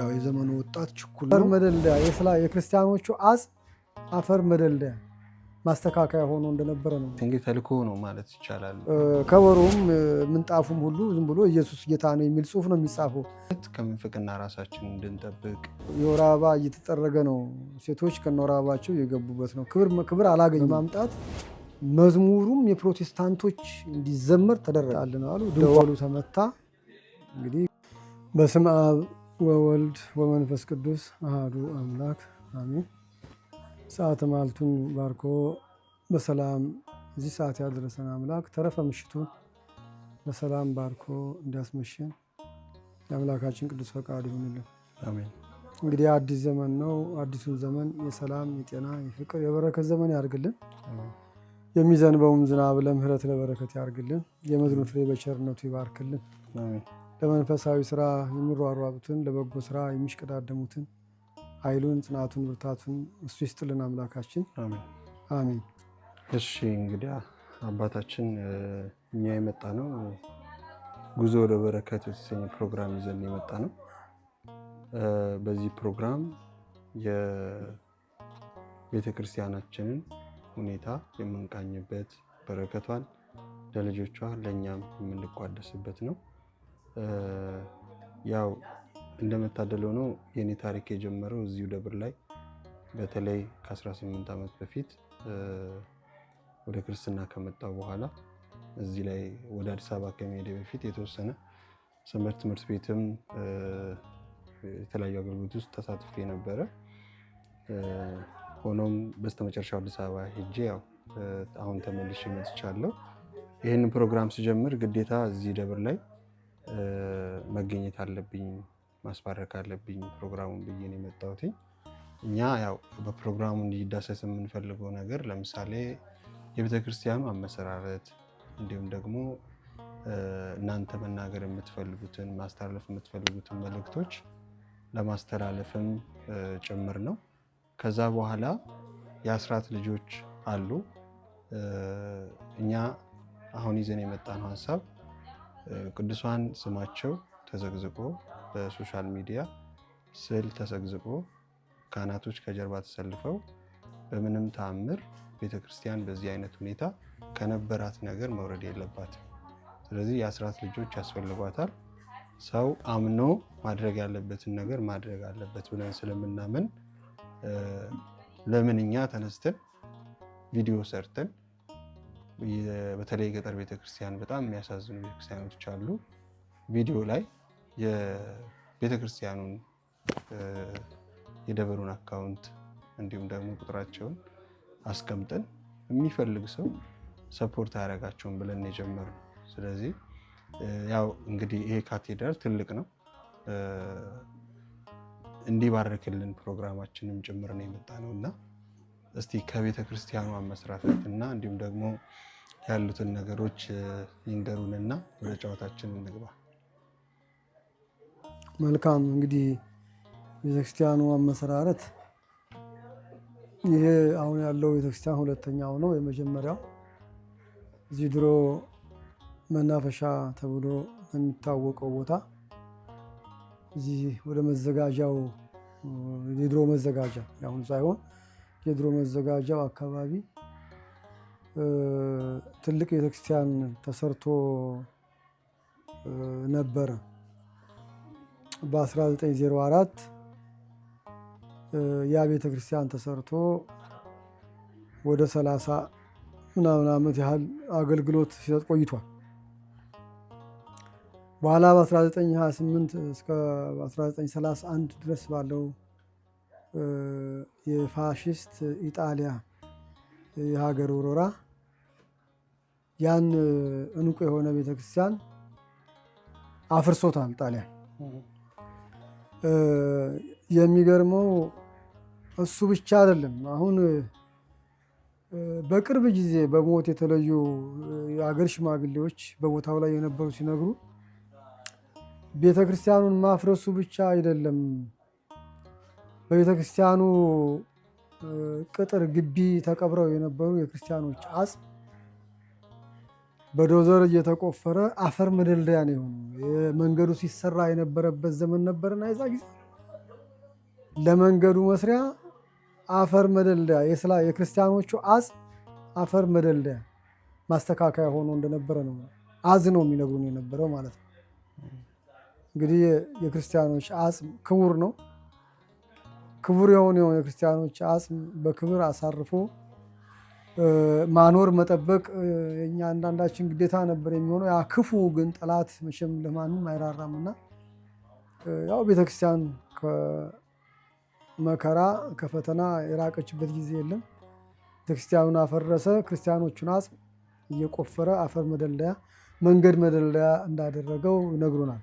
ያው የዘመኑ ወጣት ችኩል ነው። መደልደያ የስላ የክርስቲያኖቹ አጽ አፈር መደልደያ ማስተካከያ ሆኖ እንደነበረ ነው። እንግዲህ ተልኮ ነው ማለት ይቻላል። ከበሮም ምንጣፉም ሁሉ ዝም ብሎ ኢየሱስ ጌታ ነው የሚል ጽሑፍ ነው የሚጻፈው። ከምንፍቅና ራሳችን እንድንጠብቅ የወር አበባ እየተጠረገ ነው። ሴቶች ከነወር አበባቸው የገቡበት ነው። ክብር አላገኝ ማምጣት መዝሙሩም የፕሮቴስታንቶች እንዲዘመር ተደረጋልን አሉ። ደወሉ ተመታ። እንግዲህ በስም አብ ወወልድ ወመንፈስ ቅዱስ አህዱ አምላክ አሜን። ሰዓተ ማልቱን ባርኮ በሰላም እዚህ ሰዓት ያደረሰን አምላክ ተረፈ ምሽቱን በሰላም ባርኮ እንዲያስመሸን የአምላካችን ቅዱስ ፈቃድ ይሁንልን። እንግዲህ አዲስ ዘመን ነው። አዲሱን ዘመን የሰላም የጤና የፍቅር የበረከት ዘመን ያርግልን። የሚዘንበውም ዝናብ ለምህረት ለበረከት ያርግልን። የምድሩን ፍሬ በቸርነቱ ይባርክልን። ለመንፈሳዊ ስራ የሚሯሯጡትን፣ ለበጎ ስራ የሚሽቀዳደሙትን ኃይሉን፣ ጽናቱን፣ ብርታቱን እሱ ይስጥልን አምላካችን አሜን። እሺ እንግዲያ አባታችን እኛ የመጣ ነው ጉዞ ወደ በረከት የተሰኘ ፕሮግራም ይዘን የመጣ ነው። በዚህ ፕሮግራም የቤተክርስቲያናችንን ሁኔታ የምንቃኝበት በረከቷን ለልጆቿ ለእኛም የምንቋደስበት ነው። ያው እንደመታደል ሆኖ የኔ ታሪክ የጀመረው እዚሁ ደብር ላይ በተለይ ከ18 ዓመት በፊት ወደ ክርስትና ከመጣው በኋላ እዚህ ላይ ወደ አዲስ አበባ ከመሄደ በፊት የተወሰነ ሰንበት ትምህርት ቤትም የተለያዩ አገልግሎት ውስጥ ተሳትፎ ነበረ። ሆኖም በስተመጨረሻው አዲስ አበባ ሄጄ ያው አሁን ተመልሼ መጥቻለሁ። ይህንን ፕሮግራም ስጀምር ግዴታ እዚህ ደብር ላይ መገኘት አለብኝ ማስባረክ አለብኝ ፕሮግራሙን ብዬ ነው የመጣሁት። እኛ ያው በፕሮግራሙ እንዲዳሰስ የምንፈልገው ነገር ለምሳሌ የቤተክርስቲያኑ አመሰራረት እንዲሁም ደግሞ እናንተ መናገር የምትፈልጉትን ማስተላለፍ የምትፈልጉትን መልእክቶች ለማስተላለፍም ጭምር ነው። ከዛ በኋላ የአስራት ልጆች አሉ። እኛ አሁን ይዘን የመጣነው ሀሳብ ቅዱሳን ስማቸው ተዘግዝቆ በሶሻል ሚዲያ ስዕል ተሰግዝቆ ካህናቶች ከጀርባ ተሰልፈው በምንም ተአምር ቤተክርስቲያን በዚህ አይነት ሁኔታ ከነበራት ነገር መውረድ የለባትም። ስለዚህ የአስራት ልጆች ያስፈልጓታል። ሰው አምኖ ማድረግ ያለበትን ነገር ማድረግ አለበት ብለን ስለምናምን ለምን እኛ ተነስተን ቪዲዮ ሰርተን በተለይ የገጠር ቤተክርስቲያን በጣም የሚያሳዝኑ ቤተክርስቲያኖች አሉ። ቪዲዮ ላይ የቤተክርስቲያኑን የደበሩን አካውንት እንዲሁም ደግሞ ቁጥራቸውን አስቀምጠን የሚፈልግ ሰው ሰፖርት አያደርጋቸውም ብለን የጀመርነው። ስለዚህ ያው እንግዲህ ይሄ ካቴድራል ትልቅ ነው እንዲባርክልን ፕሮግራማችንም ጭምር ነው የመጣ ነው እና እስቲ ከቤተ ክርስቲያኗ መስራቶች እና እንዲሁም ደግሞ ያሉትን ነገሮች ይንገሩንና ወደ ጨዋታችን እንግባ። መልካም እንግዲህ ቤተክርስቲያኑ አመሰራረት ይሄ አሁን ያለው ቤተክርስቲያን ሁለተኛው ነው። የመጀመሪያው እዚህ ድሮ መናፈሻ ተብሎ የሚታወቀው ቦታ እዚህ ወደ መዘጋጃው የድሮ መዘጋጃ አሁን ሳይሆን የድሮ መዘጋጃው አካባቢ ትልቅ ቤተክርስቲያን ተሰርቶ ነበረ። በ1904 ያ ቤተክርስቲያን ተሰርቶ ወደ 30 ምናምን ዓመት ያህል አገልግሎት ሲሰጥ ቆይቷል። በኋላ በ1928 እስከ 1931 ድረስ ባለው የፋሽስት ኢጣሊያ የሀገር ወረራ ያን እንቁ የሆነ ቤተክርስቲያን አፍርሶታል ጣሊያን። የሚገርመው እሱ ብቻ አይደለም። አሁን በቅርብ ጊዜ በሞት የተለዩ የአገር ሽማግሌዎች በቦታው ላይ የነበሩ ሲነግሩ ቤተክርስቲያኑን ማፍረሱ ብቻ አይደለም በቤተ ክርስቲያኑ ቅጥር ግቢ ተቀብረው የነበሩ የክርስቲያኖች አጽም በዶዘር እየተቆፈረ አፈር መደልደያ ነው የሆኑ መንገዱ ሲሰራ የነበረበት ዘመን ነበርና የዛ ጊዜ ለመንገዱ መስሪያ አፈር መደልደያ የስላ የክርስቲያኖቹ አጽም አፈር መደልደያ ማስተካከያ ሆኖ እንደነበረ ነው አዝ ነው የሚነግሩን የነበረው ማለት ነው። እንግዲህ የክርስቲያኖች አጽም ክቡር ነው። ክቡር የሆኑ የሆነ ክርስቲያኖች አጽም በክብር አሳርፎ ማኖር መጠበቅ የኛ አንዳንዳችን ግዴታ ነበር የሚሆነው። ያ ክፉ ግን ጠላት መቼም ለማንም አይራራም እና ያው ቤተክርስቲያን ከመከራ ከፈተና የራቀችበት ጊዜ የለም። ቤተክርስቲያኑን አፈረሰ፣ ክርስቲያኖቹን አጽም እየቆፈረ አፈር መደለያ መንገድ መደለያ እንዳደረገው ይነግሩናል።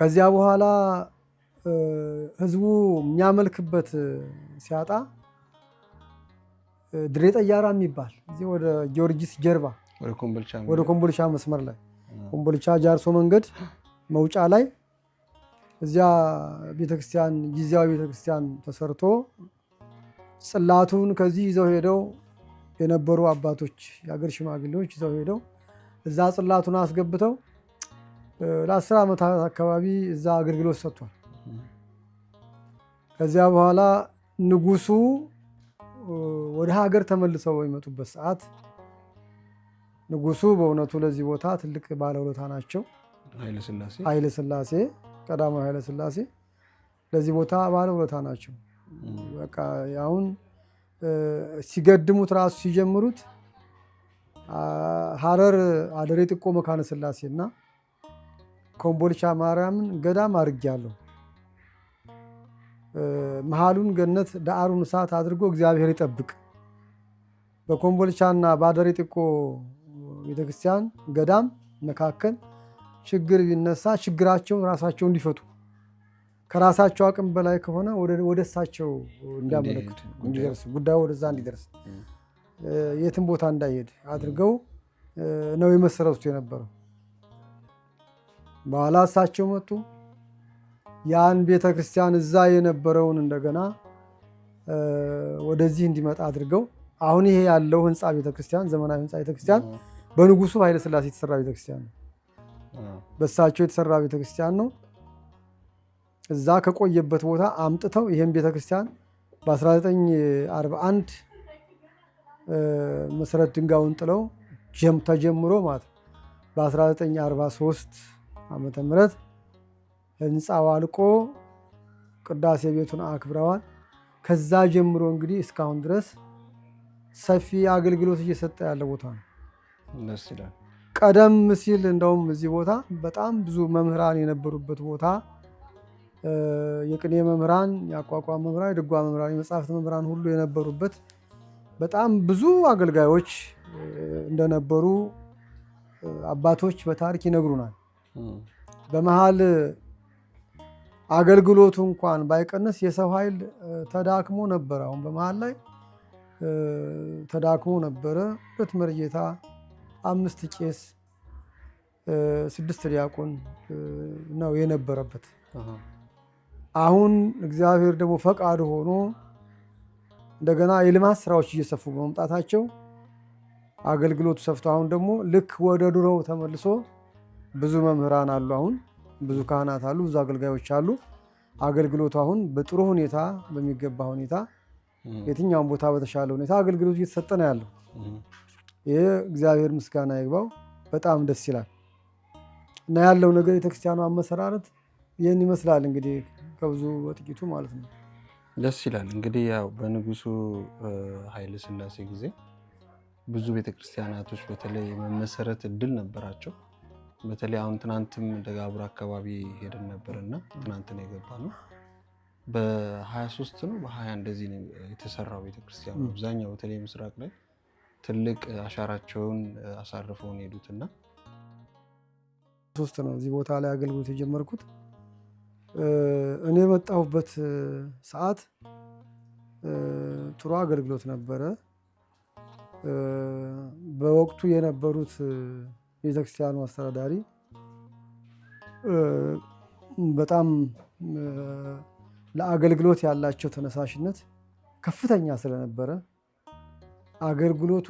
ከዚያ በኋላ ህዝቡ የሚያመልክበት ሲያጣ ድሬ ጠያራ የሚባል እዚህ ወደ ጊዮርጊስ ጀርባ ወደ ኮምቦልቻ መስመር ላይ ኮምቦልቻ ጃርሶ መንገድ መውጫ ላይ እዚያ ቤተክርስቲያን ጊዜያዊ ቤተክርስቲያን ተሰርቶ ጽላቱን ከዚህ ይዘው ሄደው የነበሩ አባቶች የአገር ሽማግሌዎች ይዘው ሄደው እዛ ጽላቱን አስገብተው ለአስር ዓመታት አካባቢ እዛ አገልግሎት ሰጥቷል። ከዚያ በኋላ ንጉሱ ወደ ሀገር ተመልሰው በሚመጡበት ሰዓት ንጉሱ በእውነቱ ለዚህ ቦታ ትልቅ ባለውለታ ናቸው። ኃይለ ሥላሴ ቀዳማዊ ኃይለ ለዚህ ቦታ ባለውለታ ናቸው። በቃ አሁን ሲገድሙት ራሱ ሲጀምሩት ሀረር አደሬ ጥቆ መካነ ሥላሴ እና ኮምቦልቻ ማርያምን ገዳም አድርጌያለሁ መሃሉን ገነት ዳአሩን እሳት አድርጎ እግዚአብሔር ይጠብቅ። በኮምቦልቻና በአደሬ ጥቆ ቤተክርስቲያን ገዳም መካከል ችግር ቢነሳ ችግራቸውን ራሳቸው እንዲፈቱ ከራሳቸው አቅም በላይ ከሆነ ወደ እሳቸው እንዲያመለክቱ እንዲደርስ ጉዳዩ ወደዛ እንዲደርስ የትም ቦታ እንዳይሄድ አድርገው ነው የመሰረቱት የነበረው። በኋላ እሳቸው መጡ። ያን ቤተ ክርስቲያን እዛ የነበረውን እንደገና ወደዚህ እንዲመጣ አድርገው አሁን ይሄ ያለው ህንፃ ቤተክርስቲያን ዘመናዊ ህንፃ ቤተክርስቲያን በንጉሱ ኃይለስላሴ የተሰራ ቤተክርስቲያን ነው። በእሳቸው የተሰራ ቤተክርስቲያን ነው። እዛ ከቆየበት ቦታ አምጥተው ይህም ቤተክርስቲያን በ1941 መሰረት ድንጋዩን ጥለው ተጀምሮ ማለት ነው በ1943 ዓ ምህረት ህንፃው አልቆ ቅዳሴ ቤቱን አክብረዋል። ከዛ ጀምሮ እንግዲህ እስካሁን ድረስ ሰፊ አገልግሎት እየሰጠ ያለ ቦታ ነው። ቀደም ሲል እንደውም እዚህ ቦታ በጣም ብዙ መምህራን የነበሩበት ቦታ የቅኔ መምህራን፣ የአቋቋም መምህራን፣ የድጓ መምህራን፣ የመጽሐፍት መምህራን ሁሉ የነበሩበት በጣም ብዙ አገልጋዮች እንደነበሩ አባቶች በታሪክ ይነግሩናል። በመሀል አገልግሎቱ እንኳን ባይቀንስ የሰው ኃይል ተዳክሞ ነበረ። አሁን በመሀል ላይ ተዳክሞ ነበረ። ሁለት መርጌታ፣ አምስት ቄስ፣ ስድስት ዲያቆን ነው የነበረበት። አሁን እግዚአብሔር ደግሞ ፈቃድ ሆኖ እንደገና የልማት ስራዎች እየሰፉ በመምጣታቸው አገልግሎቱ ሰፍቶ አሁን ደግሞ ልክ ወደ ድሮው ተመልሶ ብዙ መምህራን አሉ አሁን ብዙ ካህናት አሉ፣ ብዙ አገልጋዮች አሉ። አገልግሎቱ አሁን በጥሩ ሁኔታ በሚገባ ሁኔታ የትኛውን ቦታ በተሻለ ሁኔታ አገልግሎቱ እየተሰጠ ነው ያለው። ይህ እግዚአብሔር ምስጋና ይግባው። በጣም ደስ ይላል እና ያለው ነገር የቤተክርስቲያኗ አመሰራረት ይህን ይመስላል። እንግዲህ ከብዙ በጥቂቱ ማለት ነው። ደስ ይላል። እንግዲህ ያው በንጉሱ ኃይለ ሥላሴ ጊዜ ብዙ ቤተክርስቲያናቶች በተለይ መመሰረት እድል ነበራቸው። በተለይ አሁን ትናንትም ደጋቡር አካባቢ ሄደን ነበር እና ትናንት ነው የገባ ነው። በ23 ነው በ20 እንደዚህ የተሰራው ቤተክርስቲያኑ አብዛኛው በተለይ ምስራቅ ላይ ትልቅ አሻራቸውን አሳርፈውን ሄዱት እና ሶስት ነው እዚህ ቦታ ላይ አገልግሎት የጀመርኩት እኔ የመጣሁበት ሰዓት ጥሩ አገልግሎት ነበረ። በወቅቱ የነበሩት የቤተክርስቲያኑ አስተዳዳሪ በጣም ለአገልግሎት ያላቸው ተነሳሽነት ከፍተኛ ስለነበረ አገልግሎቱ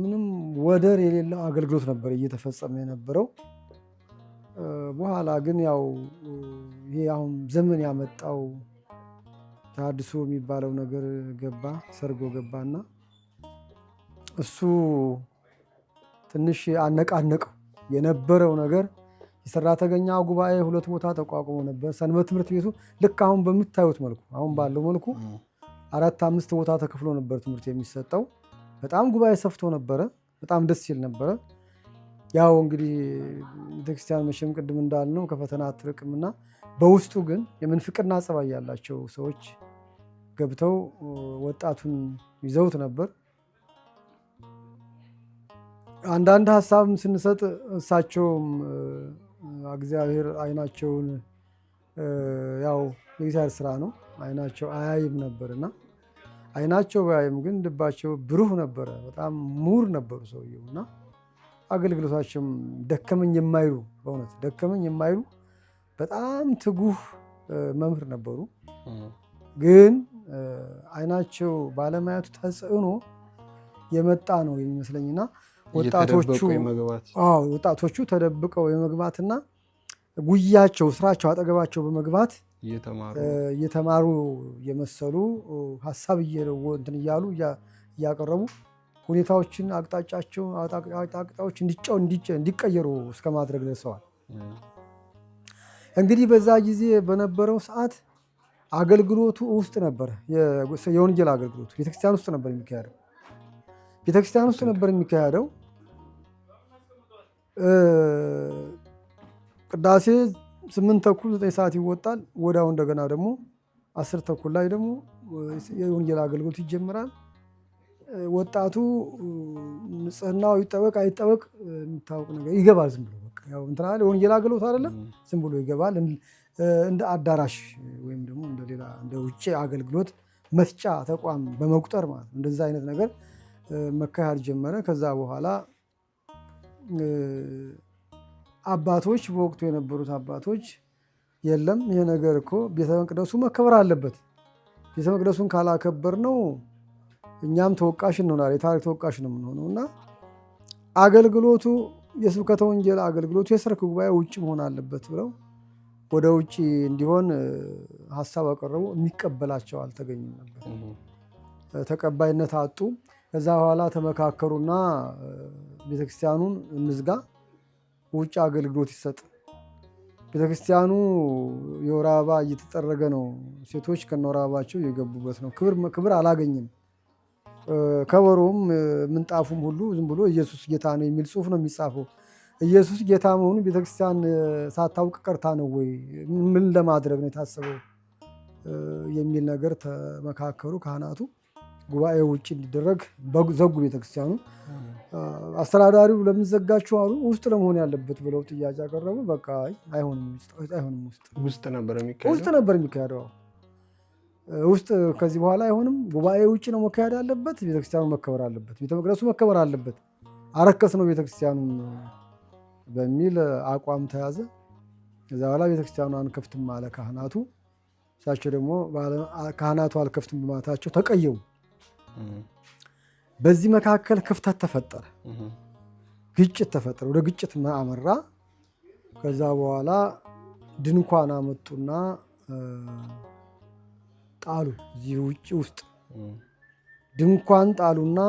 ምንም ወደር የሌለው አገልግሎት ነበር እየተፈጸመ የነበረው። በኋላ ግን ያው ይሄ አሁን ዘመን ያመጣው ተሃድሶ የሚባለው ነገር ገባ፣ ሰርጎ ገባና እሱ ትንሽ አነቃነቀው የነበረው ነገር። የሰራተኛ ጉባኤ ሁለት ቦታ ተቋቁሞ ነበር። ሰንበት ትምህርት ቤቱ ልክ አሁን በምታዩት መልኩ አሁን ባለው መልኩ አራት አምስት ቦታ ተከፍሎ ነበር ትምህርት የሚሰጠው። በጣም ጉባኤ ሰፍቶ ነበረ። በጣም ደስ ሲል ነበረ። ያው እንግዲህ ቤተክርስቲያን መቼም ቅድም እንዳልነው ከፈተና አትርቅምና በውስጡ ግን የምንፍቅና ጸባይ ያላቸው ሰዎች ገብተው ወጣቱን ይዘውት ነበር። አንዳንድ ሀሳብም ስንሰጥ እሳቸውም እግዚአብሔር አይናቸውን ያው የእግዚአብሔር ስራ ነው። አይናቸው አያይም ነበር እና አይናቸው ባያይም ግን ልባቸው ብሩህ ነበረ። በጣም ምሁር ነበሩ ሰውየው እና አገልግሎታቸውም ደከመኝ የማይሉ በእውነት ደከመኝ የማይሉ በጣም ትጉህ መምህር ነበሩ። ግን አይናቸው ባለማየቱ ተጽዕኖ የመጣ ነው የሚመስለኝና ወጣቶቹ ተደብቀው የመግባትና ጉያቸው ስራቸው አጠገባቸው በመግባት እየተማሩ የመሰሉ ሀሳብ እንትን እያሉ እያቀረቡ ሁኔታዎችን አቅጣጫቸው አቅጣጫዎች እንዲቀየሩ እስከ ማድረግ ደርሰዋል። እንግዲህ በዛ ጊዜ በነበረው ሰዓት አገልግሎቱ ውስጥ ነበር። የወንጌል አገልግሎቱ ቤተክርስቲያን ውስጥ ነበር የሚካሄደው ቤተክርስቲያን ውስጥ ነበር የሚካሄደው ቅዳሴ ስምንት ተኩል ዘጠኝ ሰዓት ይወጣል። ወዲያው እንደገና ደግሞ አስር ተኩል ላይ ደግሞ የወንጌል አገልግሎት ይጀምራል። ወጣቱ ንጽህናው ይጠበቅ አይጠበቅ የሚታወቅ ነገር ይገባል። ዝም ብሎ እንትና የወንጌል አገልግሎት አይደለም፣ ዝም ብሎ ይገባል። እንደ አዳራሽ ወይም ደግሞ እንደሌላ እንደ ውጭ አገልግሎት መስጫ ተቋም በመቁጠር ማለት ነው። እንደዛ አይነት ነገር መካሄድ ጀመረ። ከዛ በኋላ አባቶች በወቅቱ የነበሩት አባቶች የለም ይሄ ነገር እኮ ቤተ መቅደሱ መከበር አለበት፣ ቤተ መቅደሱን ካላከበር ነው እኛም ተወቃሽ እንሆናል፣ የታሪክ ተወቃሽ ነው የምንሆነው እና አገልግሎቱ የስብከተ ወንጌል አገልግሎቱ የሰርክ ጉባኤ ውጭ መሆን አለበት ብለው ወደ ውጭ እንዲሆን ሀሳብ አቀረቡ። የሚቀበላቸው አልተገኙም ነበር፣ ተቀባይነት አጡ። ከዛ በኋላ ተመካከሩና ቤተክርስቲያኑን እንዝጋ፣ ውጭ አገልግሎት ይሰጥ። ቤተክርስቲያኑ የወር አበባ እየተጠረገ ነው። ሴቶች ከነወር አበባቸው እየገቡበት ነው። ክብር አላገኝም። ከበሮም ምንጣፉም ሁሉ ዝም ብሎ ኢየሱስ ጌታ ነው የሚል ጽሑፍ ነው የሚጻፈው። ኢየሱስ ጌታ መሆኑ ቤተክርስቲያን ሳታውቅ ቀርታ ነው ወይ? ምን ለማድረግ ነው የታሰበው? የሚል ነገር ተመካከሩ ካህናቱ። ጉባኤ ውጭ እንዲደረግ ዘጉ ቤተክርስቲያኑ። አስተዳዳሪው ለምን አሉ። ውስጥ ለመሆን ያለበት ብለው ጥያቄ አቀረቡ። በቃ አይሆንም ውስጥ ነበር የሚካሄደው ውስጥ ከዚህ በኋላ አይሆንም። ጉባኤ ውጭ ነው መካሄድ ያለበት። ቤተክርስቲያኑ መከበር አለበት፣ ቤተመቅደሱ መከበር አለበት። አረከስ ነው ቤተክርስቲያኑን በሚል አቋም ተያዘ። ከዚ በኋላ ቤተክርስቲያኑ አንከፍትም አለ ካህናቱ። እሳቸው ደግሞ ካህናቱ አልከፍትም በማለታቸው ተቀየሙ። በዚህ መካከል ክፍተት ተፈጠረ፣ ግጭት ተፈጠረ፣ ወደ ግጭት አመራ። ከዛ በኋላ ድንኳን አመጡና ጣሉ። እዚህ ውጭ ውስጥ ድንኳን ጣሉና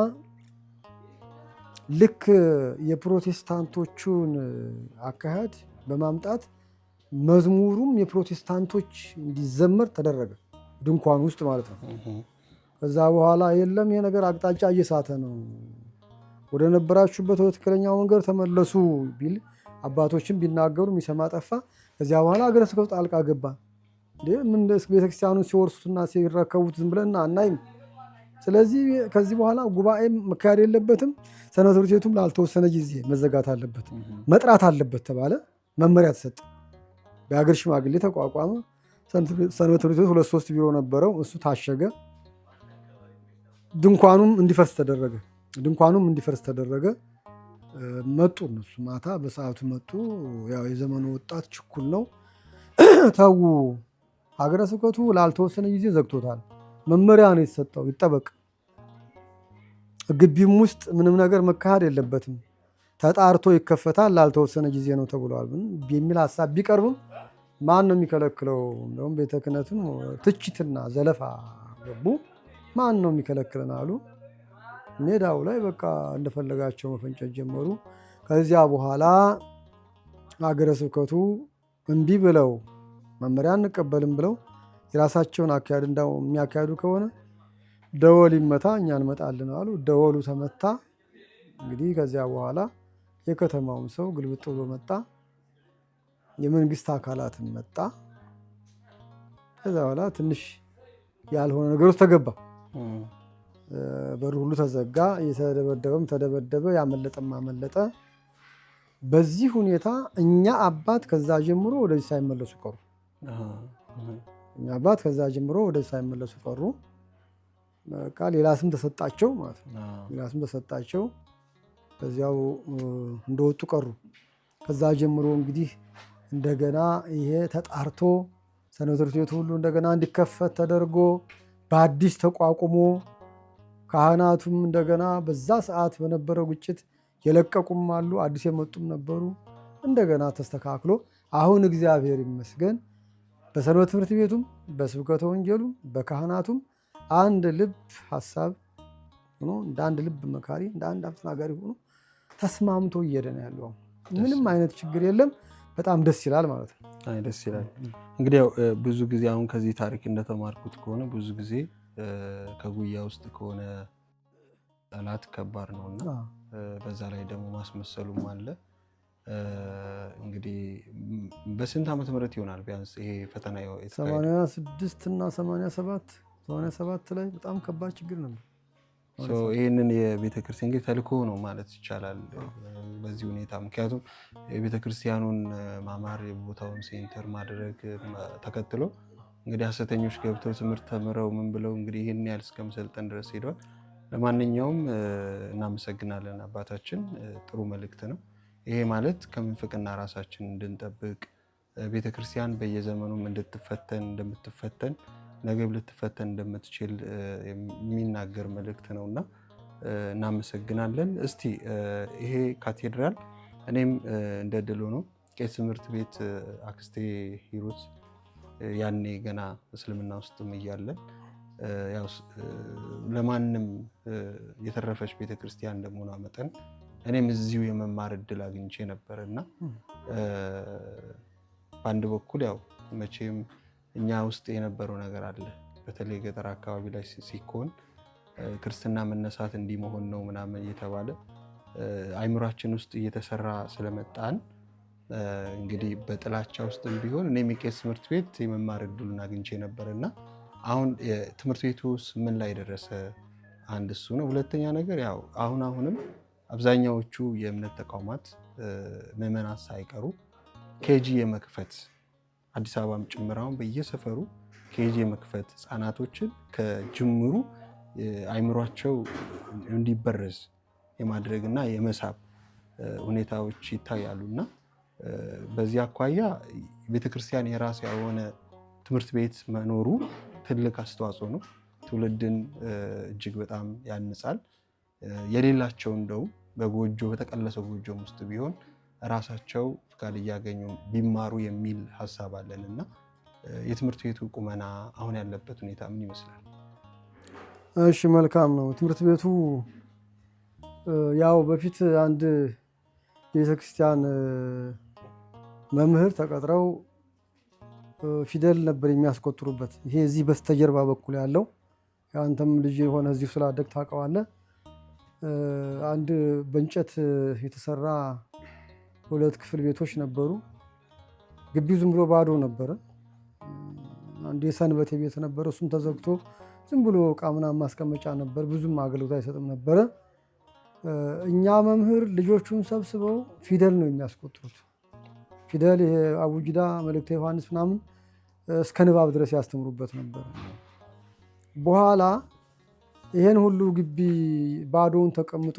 ልክ የፕሮቴስታንቶቹን አካሄድ በማምጣት መዝሙሩም የፕሮቴስታንቶች እንዲዘመር ተደረገ፣ ድንኳን ውስጥ ማለት ነው። ከዛ በኋላ የለም ይሄ ነገር አቅጣጫ እየሳተ ነው፣ ወደ ነበራችሁበት ወደ ትክክለኛ መንገድ ተመለሱ ቢል አባቶችን ቢናገሩ የሚሰማ ጠፋ። ከዚያ በኋላ አገረ ስብከቱ ጣልቃ ገባ። ቤተክርስቲያኑን ሲወርሱትና ሲረከቡት ዝም ብለን አናይም። ስለዚህ ከዚህ በኋላ ጉባኤ መካሄድ የለበትም፣ ሰንበት ትምህርት ቤቱም ላልተወሰነ ጊዜ መዘጋት አለበት፣ መጥራት አለበት ተባለ። መመሪያ ተሰጠ። በሀገር ሽማግሌ ተቋቋመ። ሰንበት ትምህርት ቤቱ ሁለት ሶስት ቢሮ ነበረው፣ እሱ ታሸገ። ድንኳኑም እንዲፈርስ ተደረገ። ድንኳኑም እንዲፈርስ ተደረገ። መጡ እነሱ ማታ በሰዓቱ መጡ። ያው የዘመኑ ወጣት ችኩል ነው። ተዉ ሀገረ ስብከቱ ላልተወሰነ ጊዜ ዘግቶታል። መመሪያ ነው የተሰጠው፣ ይጠበቅ። ግቢም ውስጥ ምንም ነገር መካሄድ የለበትም። ተጣርቶ ይከፈታል፣ ላልተወሰነ ጊዜ ነው ተብሏል የሚል ሀሳብ ቢቀርብም ማን ነው የሚከለክለው? እንደውም ቤተ ትችትና ዘለፋ ገቡ። ማን ነው የሚከለክለን አሉ። ሜዳው ላይ በቃ እንደፈለጋቸው መፈንጨት ጀመሩ። ከዚያ በኋላ ሀገረ ስብከቱ እምቢ ብለው መመሪያ አንቀበልም ብለው የራሳቸውን አካሄድ እንዳው የሚያካሄዱ ከሆነ ደወል ይመታ እኛ እንመጣልን አሉ። ደወሉ ተመታ። እንግዲህ ከዚያ በኋላ የከተማውም ሰው ግልብጥ ብሎ መጣ፣ የመንግስት አካላትም መጣ። ከዛ በኋላ ትንሽ ያልሆነ ነገሮች ተገባ። በሩ ሁሉ ተዘጋ። የተደበደበም ተደበደበ፣ ያመለጠም አመለጠ። በዚህ ሁኔታ እኛ አባት ከዛ ጀምሮ ወደዚህ ሳይመለሱ ቀሩ። እኛ አባት ከዛ ጀምሮ ወደዚህ ሳይመለሱ ቀሩ። በቃ ሌላ ስም ተሰጣቸው ማለት ነው። ሌላ ስም ተሰጣቸው። ከዚያው እንደወጡ ቀሩ። ከዛ ጀምሮ እንግዲህ እንደገና ይሄ ተጣርቶ ሰነትርት ቤቱ ሁሉ እንደገና እንዲከፈት ተደርጎ በአዲስ ተቋቁሞ ካህናቱም እንደገና በዛ ሰዓት በነበረው ግጭት የለቀቁም አሉ፣ አዲስ የመጡም ነበሩ። እንደገና ተስተካክሎ አሁን እግዚአብሔር ይመስገን በሰንበት ትምህርት ቤቱም በስብከተ ወንጌሉም በካህናቱም አንድ ልብ ሀሳብ ሆኖ እንደ አንድ ልብ መካሪ እንደ አንድ አብ ተናጋሪ ሆኖ ተስማምቶ እየሄደ ነው ያለው። ምንም አይነት ችግር የለም። በጣም ደስ ይላል ማለት ነው። ደስ ይላል። እንግዲህ ብዙ ጊዜ አሁን ከዚህ ታሪክ እንደተማርኩት ከሆነ ብዙ ጊዜ ከጉያ ውስጥ ከሆነ ጠላት ከባድ ነው እና በዛ ላይ ደግሞ ማስመሰሉም አለ። እንግዲህ በስንት ዓመተ ምህረት ይሆናል ቢያንስ ይሄ ፈተና? ሰማንያ ስድስት እና ሰማንያ ሰባት ሰማንያ ሰባት ላይ በጣም ከባድ ችግር ነበር። ይህንን የቤተክርስቲያን እንግዲህ ተልእኮ ነው ማለት ይቻላል በዚህ ሁኔታ ምክንያቱም የቤተክርስቲያኑን ማማር የቦታውን ሴንተር ማድረግ ተከትሎ እንግዲህ ሀሰተኞች ገብተው ትምህርት ተምረው ምን ብለው እንግዲህ ይህን ያህል እስከ ድረስ ሄደዋል። ለማንኛውም እናመሰግናለን አባታችን፣ ጥሩ መልእክት ነው። ይሄ ማለት ከምንፍቅና ራሳችን እንድንጠብቅ ቤተክርስቲያን በየዘመኑም እንድትፈተን እንደምትፈተን ነገብ ልትፈተን እንደምትችል የሚናገር መልእክት ነውና እናመሰግናለን። እስቲ ይሄ ካቴድራል እኔም እንደ ድሎ ነው ቄስ ትምህርት ቤት አክስቴ ሂሩት ያኔ ገና እስልምና ውስጥም እያለን ለማንም የተረፈች ቤተክርስቲያን እንደመሆኗ መጠን እኔም እዚሁ የመማር እድል አግኝቼ ነበር እና በአንድ በኩል ያው መቼም እኛ ውስጥ የነበረው ነገር አለ በተለይ ገጠር አካባቢ ላይ ሲኮን ክርስትና መነሳት እንዲህ መሆን ነው ምናምን እየተባለ አይምሯችን ውስጥ እየተሰራ ስለመጣን እንግዲህ በጥላቻ ውስጥም ቢሆን እኔ የቄስ ትምህርት ቤት የመማር እድሉን አግኝቼ ነበር እና አሁን ትምህርት ቤቱ ምን ላይ ደረሰ? አንድ እሱ ነው። ሁለተኛ ነገር ያው አሁን አሁንም አብዛኛዎቹ የእምነት ተቋማት ምዕመናት ሳይቀሩ ኬጂ የመክፈት አዲስ አበባም ጭምራውን በየሰፈሩ ኬጂ የመክፈት ህጻናቶችን ከጅምሩ አይምሯቸው እንዲበረዝ የማድረግና የመሳብ ሁኔታዎች ይታያሉ እና በዚህ አኳያ ቤተክርስቲያን የራሷ የሆነ ትምህርት ቤት መኖሩ ትልቅ አስተዋጽኦ ነው። ትውልድን እጅግ በጣም ያንጻል። የሌላቸው እንደውም በጎጆ በተቀለሰ ጎጆም ውስጥ ቢሆን ራሳቸው ፍቃድ እያገኙ ቢማሩ የሚል ሀሳብ አለን እና የትምህርት ቤቱ ቁመና አሁን ያለበት ሁኔታ ምን ይመስላል? እሺ መልካም ነው። ትምህርት ቤቱ ያው በፊት አንድ የቤተክርስቲያን መምህር ተቀጥረው ፊደል ነበር የሚያስቆጥሩበት። ይሄ እዚህ በስተጀርባ በኩል ያለው የአንተም ልጅ የሆነ እዚሁ ስላደግ ታውቀዋለህ። አንድ በእንጨት የተሰራ ሁለት ክፍል ቤቶች ነበሩ። ግቢው ዝም ብሎ ባዶ ነበረ። አንድ የሰንበት ቤት ነበረ፣ እሱም ተዘግቶ ዝም ብሎ እቃ ምናምን ማስቀመጫ ነበር፣ ብዙም አገልግሎት አይሰጥም ነበረ። እኛ መምህር ልጆቹን ሰብስበው ፊደል ነው የሚያስቆጥሩት። ፊደል ይሄ አቡጅዳ፣ መልእክተ ዮሐንስ ምናምን እስከ ንባብ ድረስ ያስተምሩበት ነበር። በኋላ ይሄን ሁሉ ግቢ ባዶውን ተቀምጦ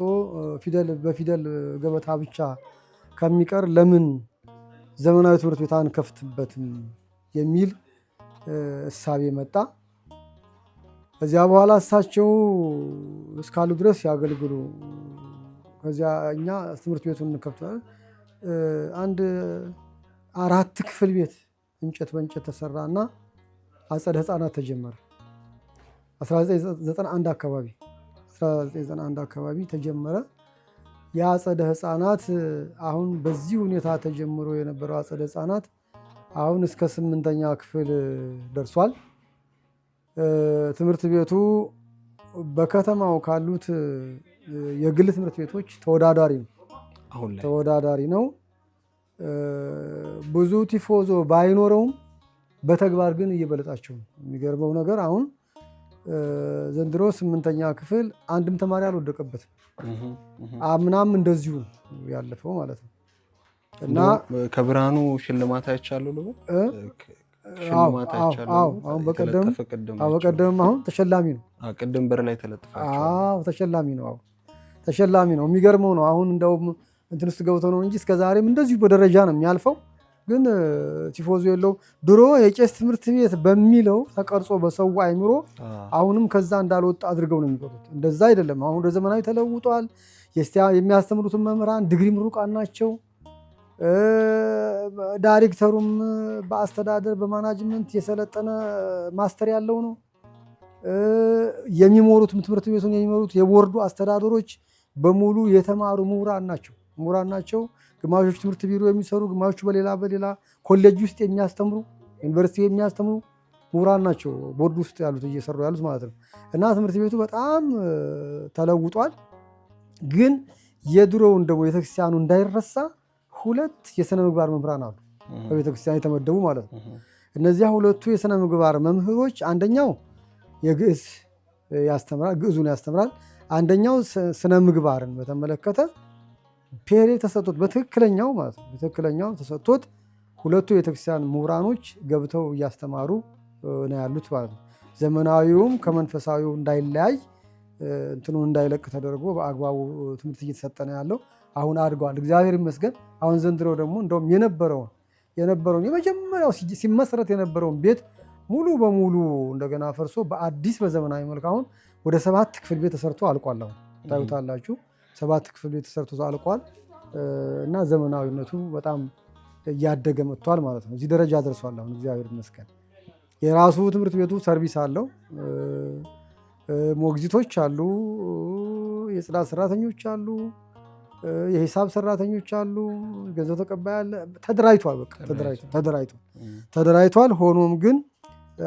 ፊደል በፊደል ገበታ ብቻ ከሚቀር ለምን ዘመናዊ ትምህርት ቤት አንከፍትበትም የሚል እሳቤ መጣ። ከዚያ በኋላ እሳቸው እስካሉ ድረስ ያገልግሉ። ከዚያ እኛ ትምህርት ቤቱን እንከፍታለን። አንድ አራት ክፍል ቤት እንጨት በእንጨት ተሰራ እና አጸደ ህፃናት ተጀመረ። 1991 አካባቢ 1991 አካባቢ ተጀመረ። የአጸደ ህፃናት አሁን በዚህ ሁኔታ ተጀምሮ የነበረው አጸደ ህፃናት አሁን እስከ ስምንተኛ ክፍል ደርሷል። ትምህርት ቤቱ በከተማው ካሉት የግል ትምህርት ቤቶች ተወዳዳሪ ነው ተወዳዳሪ ነው። ብዙ ቲፎዞ ባይኖረውም በተግባር ግን እየበለጣቸው ነው። የሚገርመው ነገር አሁን ዘንድሮ ስምንተኛ ክፍል አንድም ተማሪ አልወደቀበትም። አምናም እንደዚሁ ያለፈው ማለት ነው እና ከብርሃኑ ሽልማት አይቻሉ አሁን በቀደም በቀደም አሁን ተሸላሚ ነው። ቅድም በር ላይ ተለጥፋቸው ተሸላሚ ነው። ተሸላሚ ነው። የሚገርመው ነው። አሁን እንደውም እንትን ውስጥ ገብቶ ነው እንጂ እስከ ዛሬም እንደዚሁ በደረጃ ነው የሚያልፈው። ግን ቲፎዞ የለውም። ድሮ የቄስ ትምህርት ቤት በሚለው ተቀርጾ በሰው አይምሮ አሁንም ከዛ እንዳልወጣ አድርገው ነው የሚቆጡት። እንደዛ አይደለም። አሁን ወደ ዘመናዊ ተለውጧል። የሚያስተምሩትን መምህራን ድግሪ ምሩቃን ናቸው። ዳይሬክተሩም በአስተዳደር በማናጅመንት የሰለጠነ ማስተር ያለው ነው። የሚሞሩትም ትምህርት ቤቱን የሚመሩት የቦርዱ አስተዳደሮች በሙሉ የተማሩ ምሁራን ናቸው ምሁራን ናቸው። ግማሾች ትምህርት ቢሮ የሚሰሩ ግማሾቹ በሌላ በሌላ ኮሌጅ ውስጥ የሚያስተምሩ ዩኒቨርሲቲ የሚያስተምሩ ምሁራን ናቸው ቦርድ ውስጥ ያሉት እየሰሩ ያሉት ማለት ነው። እና ትምህርት ቤቱ በጣም ተለውጧል። ግን የድሮውን ደግሞ ቤተክርስቲያኑ እንዳይረሳ ሁለት የስነ ምግባር መምህራን አሉ በቤተክርስቲያን የተመደቡ ማለት ነው። እነዚያ ሁለቱ የሥነ ምግባር መምህሮች አንደኛው የግዕዝ ያስተምራል፣ ግዕዙን ያስተምራል። አንደኛው ስነ ምግባርን በተመለከተ ፔሬ ተሰጥቶት በትክክለኛው ማለት ነው በትክክለኛው ተሰጥቶት ሁለቱ የቤተክርስቲያን ምሁራኖች ገብተው እያስተማሩ ነው ያሉት ማለት ነው። ዘመናዊውም ከመንፈሳዊው እንዳይለያይ እንትኑ እንዳይለቅ ተደርጎ በአግባቡ ትምህርት እየተሰጠ ነው ያለው። አሁን አድገዋል። እግዚአብሔር ይመስገን። አሁን ዘንድሮ ደግሞ እንደውም የነበረውን የነበረውን የመጀመሪያው ሲመሰረት የነበረውን ቤት ሙሉ በሙሉ እንደገና ፈርሶ በአዲስ በዘመናዊ መልክ አሁን ወደ ሰባት ክፍል ቤት ተሰርቶ አልቋል። አሁን ታዩታላችሁ። ሰባት ክፍል ቤት ተሰርቶ አልቋል እና ዘመናዊነቱ በጣም እያደገ መጥቷል ማለት ነው። እዚህ ደረጃ ደርሷል። አሁን እግዚአብሔር ይመስገን። የራሱ ትምህርት ቤቱ ሰርቪስ አለው፣ ሞግዚቶች አሉ፣ የጽዳት ሰራተኞች አሉ። የሂሳብ ሰራተኞች አሉ፣ ገንዘብ ተቀባይ አለ። ተደራጅቷል፣ ተደራጅቷል፣ ተደራጅቷል። ሆኖም ግን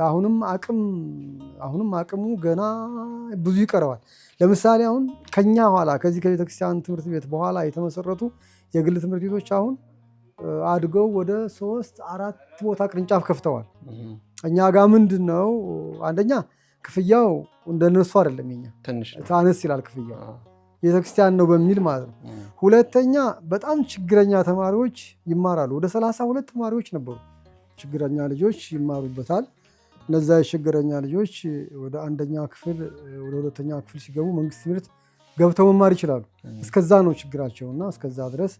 አሁንም አቅም አሁንም አቅሙ ገና ብዙ ይቀረዋል። ለምሳሌ አሁን ከኛ ኋላ ከዚህ ከቤተክርስቲያን ትምህርት ቤት በኋላ የተመሰረቱ የግል ትምህርት ቤቶች አሁን አድገው ወደ ሶስት አራት ቦታ ቅርንጫፍ ከፍተዋል። እኛ ጋ ምንድን ነው አንደኛ ክፍያው እንደነሱ እነሱ አይደለም፣ ኛ አነስ ይላል ክፍያው ቤተክርስቲያን ነው በሚል ማለት ነው። ሁለተኛ በጣም ችግረኛ ተማሪዎች ይማራሉ። ወደ ሰላሳ ሁለት ተማሪዎች ነበሩ ችግረኛ ልጆች ይማሩበታል። እነዛ የችግረኛ ልጆች ወደ አንደኛ ክፍል ወደ ሁለተኛ ክፍል ሲገቡ መንግስት ትምህርት ገብተው መማር ይችላሉ። እስከዛ ነው ችግራቸው እና እስከዛ ድረስ